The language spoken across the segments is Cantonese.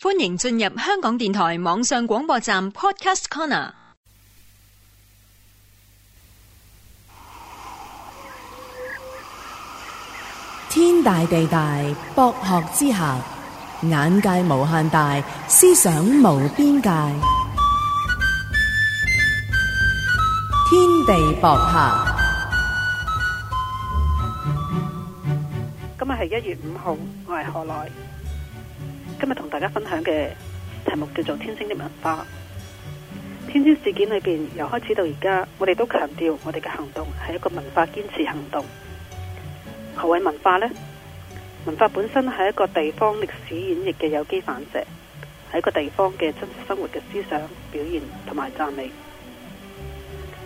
歡迎進入香港電台網上廣播站 Podcast Corner。天大地大，博學之下；眼界無限大，思想無邊界。天地博客，今日係一月五號，我係何來。今日同大家分享嘅題目叫做《天星的文化》。天星事件裏邊，由開始到而家，我哋都強調我哋嘅行動係一個文化堅持行動。何謂文化呢，文化本身係一個地方歷史演繹嘅有機反射，係一個地方嘅真實生活嘅思想表現同埋讚美。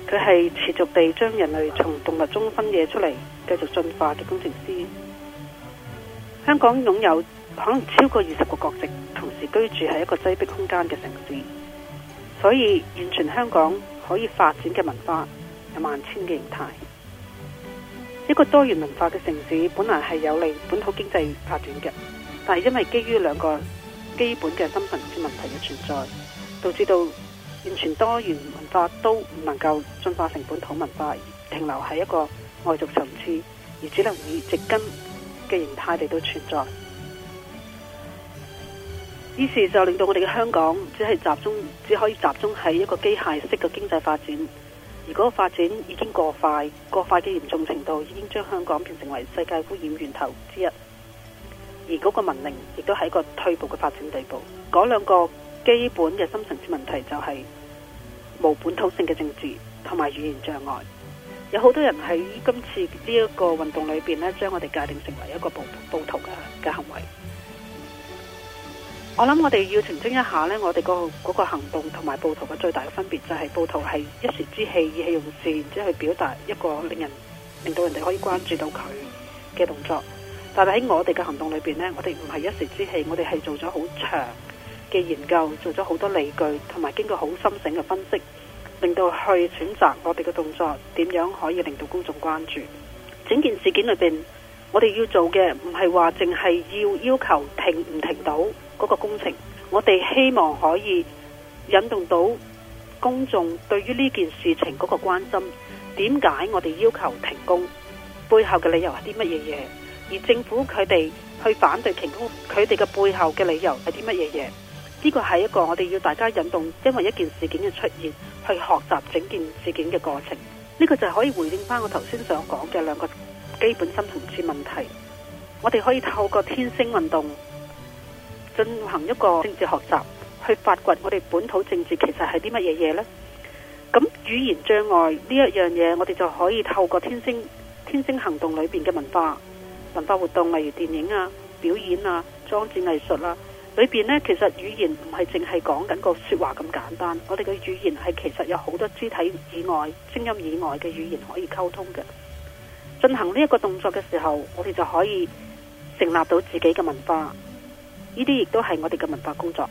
佢係持續地將人類從動物中分野出嚟，繼續進化嘅工程師。香港擁有。可能超過二十個國籍同時居住喺一個擠迫空間嘅城市，所以現存香港可以發展嘅文化有萬千嘅形態。一個多元文化嘅城市本來係有利本土經濟發展嘅，但係因為基於兩個基本嘅身份性問題嘅存在，導致到現存多元文化都唔能夠進化成本土文化，而停留喺一個外族層次，而只能以植根嘅形態嚟到存在。於是就令到我哋嘅香港只係集中，只可以集中喺一個機械式嘅經濟發展。而嗰個發展已經過快，過快嘅嚴重程度已經將香港變成為世界污染源頭之一。而嗰個文明亦都係一個退步嘅發展地步。嗰兩個基本嘅深層次問題就係無本土性嘅政治同埋語言障礙。有好多人喺今次呢一個運動裏邊呢，將我哋界定成為一個暴暴徒嘅嘅行為。我諗我哋要澄清一下呢我哋、嗰個嗰、嗰個行動同埋暴徒嘅最大嘅分別就係、係、暴徒係一時之氣、意氣用事，然之後去表達一個令人令到人哋可以關注到佢嘅動作。但係喺我哋嘅行動裏邊呢我哋唔係一時之氣，我哋係做咗好長嘅研究，做咗好多理據，同埋經過好深省嘅分析，令到去選擇我哋嘅動作點樣可以令到公眾關注。整件事件裏邊。我哋要做嘅唔係話淨係要要求停唔停到嗰個工程，我哋希望可以引動到公眾對於呢件事情嗰個關心。點解我哋要求停工？背後嘅理由係啲乜嘢嘢？而政府佢哋去反對停工，佢哋嘅背後嘅理由係啲乜嘢嘢？呢個係一個我哋要大家引動，因為一件事件嘅出現，去學習整件事件嘅過程。呢個就係可以回應翻我頭先想講嘅兩個。基本深層次問題，我哋可以透過天星運動進行一個政治學習，去發掘我哋本土政治其實係啲乜嘢嘢呢？咁語言障礙呢一樣嘢，我哋就可以透過天星天星行動裏面嘅文化文化活動，例如電影啊、表演啊、裝置藝術啦、啊，裏面呢，其實語言唔係淨係講緊個說話咁簡單，我哋嘅語言係其實有好多肢體以外、聲音以外嘅語言可以溝通嘅。進行呢一個動作嘅時候，我哋就可以成立到自己嘅文化，呢啲亦都係我哋嘅文化工作。